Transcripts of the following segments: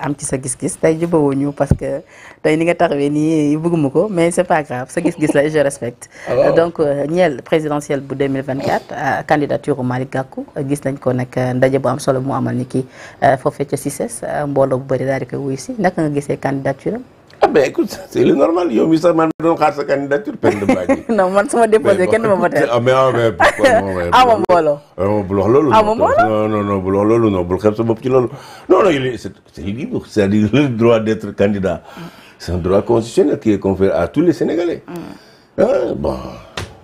am ci sa gis-gis tey jubawoo ñu parce que tey ni nga taxawee nii bëgguma ko mais c'est pas grave sa gis-gis la je respecte ah, donc euh, ñeel présidentielle bu 2024 euh, candidature Malick Gakou euh, gis nañ ko nag ndaje bu am solo mu amal ni kii fecce si CICES mbooloo bu bëri daal di koy wuyu si naka nga gisee candidature am mais écoute c'est le normal yow mi sax man doon xaar sa candidature Penda Mbadji. non man sama déposé kenn ma voté. ah mais ah mais awa ah, mbooloo. awa ah, bul wax loolu. awa ah, mbooloo non loolu non bul sa bopp droit d'être candidat. c'est droit constitutionnel qui est conféré tous les Sénégalais. Mm. bon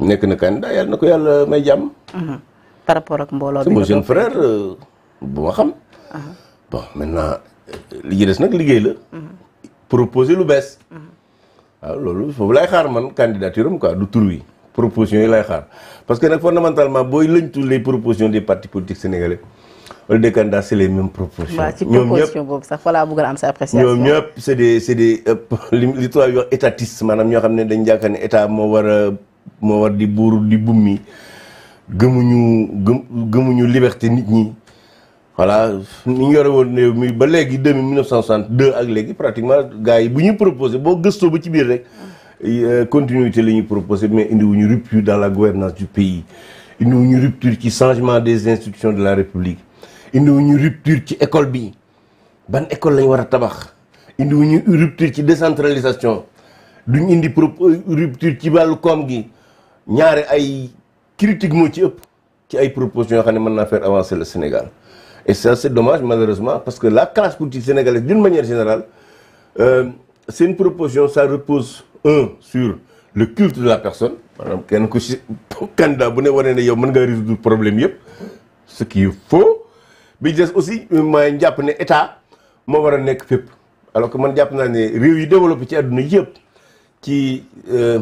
nekk na candidat yàlla na ko yàlla may mm-hmm. par rapport ak mbooloo bi. c'est frère euh, bu ma mm-hmm. bon maintenant li des nag liggéey la. Mm-hmm. proposer lu bees. waaw loolu foofu lay xaar man candidature am quoi du tur wi propositions yi lay xaar parce que nag fondamentalement booy lëñtu les propositions des partis politiques sénégalais wala des candidats c'est les mêmes propositions. ñoom ñëpp proposition boobu sax voilà bëgg am sa appréciation. ñoom ñëpp c'est des c'est des euh, li li étatiste maanaam ñoo xam ne dañ jàkkaar ne état moo war a moo war di buur di bummi gëmuñu gëm gëmuñu liberté nit ñi. voilà ni ñu yore woon réew mi ba léegi deux mille neuf cent soixante-deux ak léegi pratiquement gars yi bu ñu proposé boo gëstoo ba ci biir rek euh, continuité la ñuy proposé mais indiwuñu rupture dans la gouvernance du pays ñu rupture ci changement des institutions de la république indiwuñu rupture ci école bi ban école lañ war a tabax indiwuñu rupture ci décentralisation duñ indi pro euh, rupture ci wàllu koom gi ñaare ay critique moo ci ëpp ci ay propositions yoo xam ne mën naa faire avancer le Sénégal e ça, c'est dommage, malheureusement, parce que la classe politique sénégalaise, d'une manière générale, euh, c'est une proposition, ça repose, un, sur le culte de la personne. maanaam kenn ku si candidat bu ne wane ne yow mën nga résoudre problème yëpp ce qui est bi des aussi ma jàpp ne état moo war a nekk fépp alors que man jàpp naa ne réew yi développé ci àdduna yëpp ci. Euh,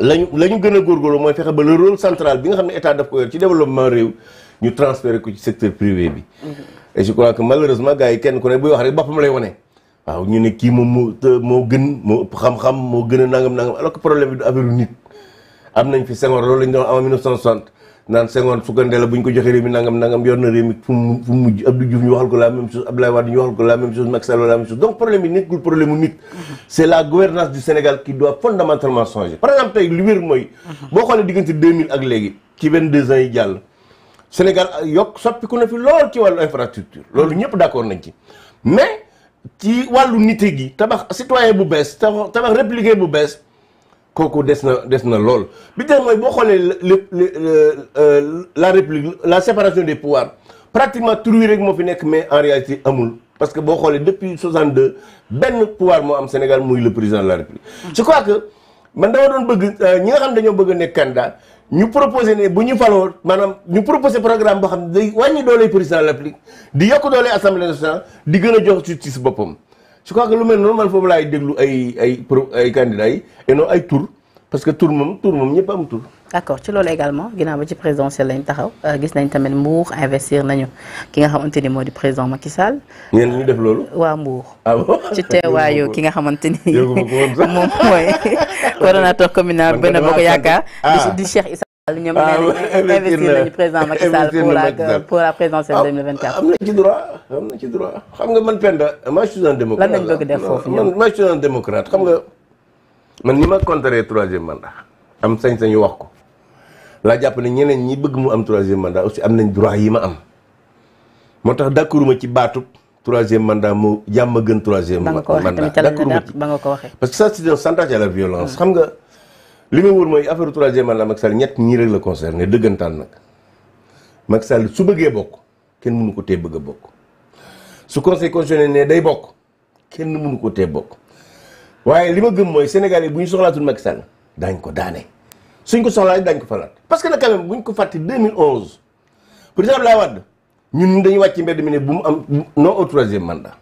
lañu la ñu gën a góorgóorlu mooy fexe ba le rôle central bi nga xam ne état daf ko yor ci développement réew ñu transféré ko ci secteur privé bi mm-hmm. et je crois que malheureusement gars yi kenn ku ne buy wax rek boppam lay wane waaw ñu ne kii moom moo moo gën moo ëpp xam-xam moo gën a nangam nangam alors que problème bi du affaire nit am nañ fi Senghor loolu lañ doon am en 1960 naan Senghor su ko ndee la bu ñu ko joxee réew mi nangam nangam yor na réew mi fu mu fu mu mujj Abdou Diouf ñu waxal ko la même chose Abdoulaye Wade ñu waxal ko la même chose Macky Sall la même chose donc problème yi nekkul problème mu nit. c' est la du Sénégal qui doit fondamentalement changer par exemple lu wér mooy. boo xoolee diggante 2000 ak léegi ci 22 ans yi jàll. Sénégal yokk soppiku na fi lool ci wàllu infrastructure loolu ñëpp d' accord nañ mais ci wàllu nite gi tabax citoyen bu bees tabax républicain bu bees. kooku des na des na lool bi tey mooy boo xoolee euh, la république la séparation des pouvoirs pratiquement tur wi rek moo fi nekk mais en réalité amul parce que boo xoolee depuis 62 benn pouvoir moo am Sénégal muy le président de la république. Mm. je crois que man dama doon bëgg euh, ñi nga xam dañoo bëgg nekk candidat ñu proposé ne bu ñu faloo maanaam ñu proposé programme boo xam ne day wàññi doole président de la république di yokk doole assemblée nationale di gën a jox justice boppam. je crois que lu mel noonu man foofu laay ay ay ay candidats yi et non ay tour parce que tour moom tour moom ñëpp am tour. d'accord ci loolu également ginnaaw ba ci présidentielle lañ taxaw euh, gis nañ tamit Mbour investir nañu ki nga xamante ni moo di président Macky Sall. ñenn ñu def loolu. waa Mbour. Ah ci teewaayu ki nga xamante ni. moom mooy coordonnateur communal benn bokk yaakaar. Ah. di Cheikh Issa Sall ñoom. Ah, investir nañu président Macky Sall pour la pour la présidentielle 2024. am na ci droit xam nga man Penda moi je suis un démocrate man moi je suis xam nga man ni ma contrer troisième mandat am sañ-sañu wax ko laa jàpp ne ñeneen ñi bëgg mu am troisième mandat aussi am nañ droit yi ma am moo tax d'accord ma ci baatub troisième mandat moo jàmm a gën troisième mandat d'accord ma ci ba nga ko waxee parce que ça c'est un mm. xam nga li ma wóor mooy affaire troisième mandat Macky Sall ñett ñii rek la concerné dëggantaan nag Macky Sall su bëggee bokk kenn mënu ko tee bëgg a bokk su conseil constitutionnel ne day bokk kenn munu koo tee bokk waaye li ma gën mooy Sénégal yi bu ñu soxlaatul Macky Sall daañ ko daane suñ ko soxlaa daañ ko fa laat parce que nag quand bu ñu ko fàtte 2011 président Abdoulaye Wade ñun dañu wàcc mbedd mi ne bu mu am non au troisième mandat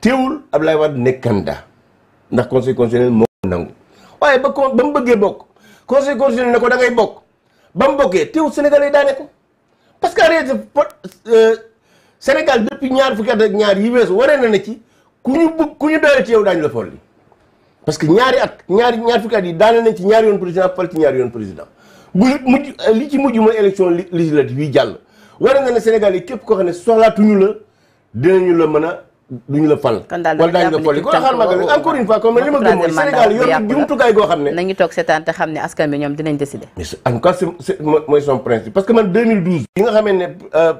teewul Abdoulaye Wade nekk candidat ndax conseil constitutionnel moo nangu waaye ba ba mu bëggee bokk conseil constitutionnel ne ko da bokk ba mu bokkee teewul Sénégal yi que Sénégal depuis ñaar fukki at ak ñaar yi weesu waree na ne ci ku ñu bëgg ku ñu doyal ci yow daañu la folli parce que ñaari at ñaari ñaar fukki at yi daane nañ ci ñaari yoon président fal ci ñaari yoon président bu mujj li ci mujj mooy élection législative yi jàll waree na ne Sénégal yi képp koo xam ne soxlaatuñu la dina ñu la man a du ñu la fal. kon daal dama jàpp ni kon xaaral ma encore une fois li goo xam ne. nañu toog seetaan te xam ne askan bi ñoom dinañ décider. mooy son principe parce que man 2012. yi nga xamee ne euh,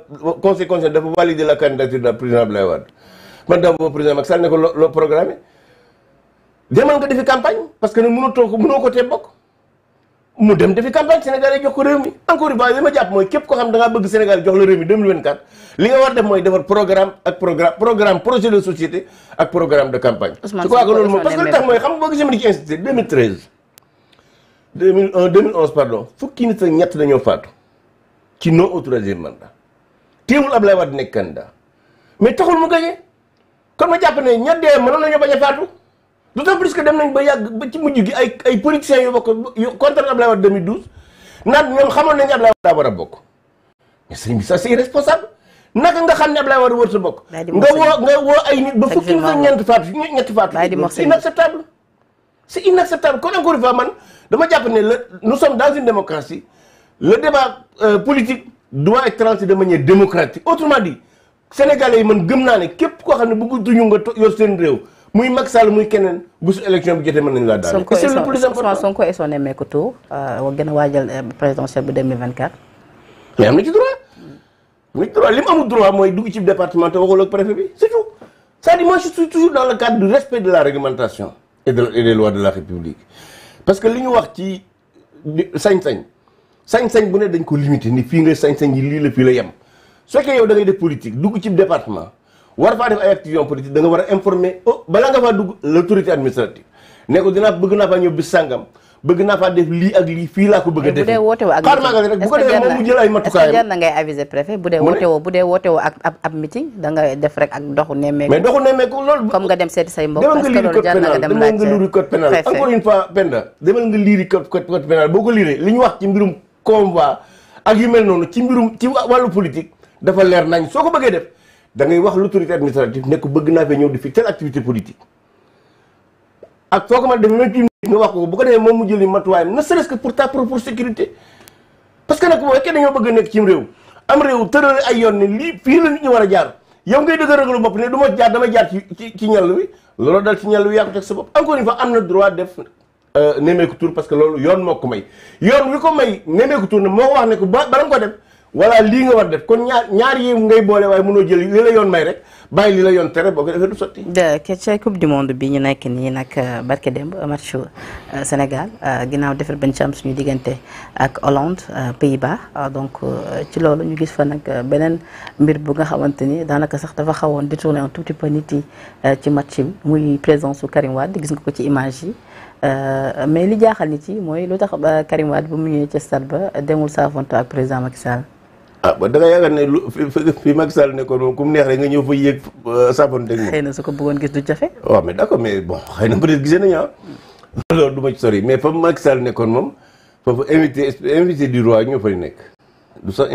conseil dafa valider la candidature de président Abdoulaye Wade man dama ba président Macky Sall ne ko loo loo programmé demal nga defi campagne parce que mënatoo ko mënoo ko tee bokk. mu dem defi campagne Sénégal yi jox ko réew mi encore une fois li ma jàpp mooy képp ko xam da ngaa bëgg Sénégal jox la réew mi 2024 li nga war def mooy defar programme ak programme projet de société ak programme de campagne. je crois que loolu moom parce que li tax mooy xam nga boo gisee ni ci institut 2013. 2001 2011 pardon fukki nit ak ñett dañoo faatu ci non au troisième mandat teewul Ablaye Wade nekk candidat mais taxul mu gagné kon ma jàpp ne ña dee mënoon nañoo bañ a faatu. d'autant plus que dem nañ ba yàgg ba ci mujj gi ay ay politiciens yu bokk yu contre Ablaye Wade 2012 naan ñoom xamoon nañu Ablaye Wade daa war a bokk nga xam ne Ablaye Wade warut a bokk. nga woo nga woo ay nit ba fukki nga ñeenti faatu ñetti faatu. c'est inacceptable c'est inacceptable kon encore une fois man dama jàpp ne la nous dans une démocratie le débat euh, politique doit être tranché de manière démocratique autrement dit sénégalais man gëm naa ne képp koo xam ne bëgguñu nga yor seen réew. muy mag Sall muy keneen bu su élection bi jotee mën nañu laa daal. c'est le plus important Sonko et son nemmeeku tour euh, gën a waajal euh, présidentielle bu 2024. mais am na am na ci droit li mu droit mooy dugg cib département te waxul ak préfet bi c'est tout cest toujours dans le cadre du respect de la réglementation et de et de la République parce que li ñu wax ci sañ-sañ sañ-sañ bu ne dañ ko limité ni fii nga sañ-sañ yi lii la fii la yem su fekkee yow da ngay dugg ci département. war faa def ay activité politique da nga war a informer oh balaa nga faa dugg l'autorité administrative ne ko bëgg naa faa ñëw bis sàngam bëgg naa faa def lii ak lii fii laa ko bëgg a def bu dee woote woo ak xaar maagal rek bu ko defee moom mu na ngay aviser préfet bu dee woote woo bu dee woote woo ak ab ab meeting da ngay def rek ak doxu nemmeeku mais doxu nemmeeku loolu comme nga dem seeti say mbokk parce demal nga liiri code pénal encore une Penda demal nga liiri code code boo ko liiree li wax ci mbirum convoi ak yu mel noonu ci mbirum ci wàllu politique dafa leer nañ soo ko bëggee def da ngay wax l'autorité administrative ne bëgg naa fee ñëw di fi telle activité politique ak foo ko mën def même ci nga wax bu ko defee moom mu jëli matuwaayam ne serait-ce pour ta propre sécurité parce que nag bu fekkee dañoo bëgg nekk cim réew am réew tëral ay yoon ne lii fii la nit ñi war a jaar yow ngay dëgg rëgalu bopp ne du ma jaar dama jaar ci ci ci ñàll wi loolu dal ci ñàll wi yaa ko teg sa bopp encore une fois am na droit def euh, nemmeeku tur parce que loolu yoon moo ko may yoon wi ko may nemmeeku tur ne moo ko wax ne ko ko def voilà lii nga war def kon ñaar ñaar yi ngay boole waaye mënoo jël li la yoon may rek bàyyi li la yoon tere boo ko defee du sotti. ca coupe du monde bi ñu nekk nii nag euh, barke démb match euh, Sénégal euh, ginnaaw defar benn ci am suñu diggante ak Hollande Pays-Bas donc ci loolu ñu gis fa nag beneen mbir bu nga xawante ni daanaka sax dafa xawoon détourné un tout petit peu nit yi ci match muy présence su Karim Wade gis nga ko ci image yi. mais li jaaxal nit yi mooy lu tax Karim Wade bu mu ñëwee ca stade ba demul saafonto ak président Macky Sall. ah ba da nga yaakaar ne lu fi Macky Sall nekkoon moom ku mu nga ñëw fa yéeg saafoon dégg nga. xëy na su ko bëggoon gis du jafe. waaw mais d' accord mais bon xëy na peut-être gisee nañu ah. du ma sori mais fa Macky Sall nekkoon moom foofu invité invité du roi ñoo fay nekk. du sax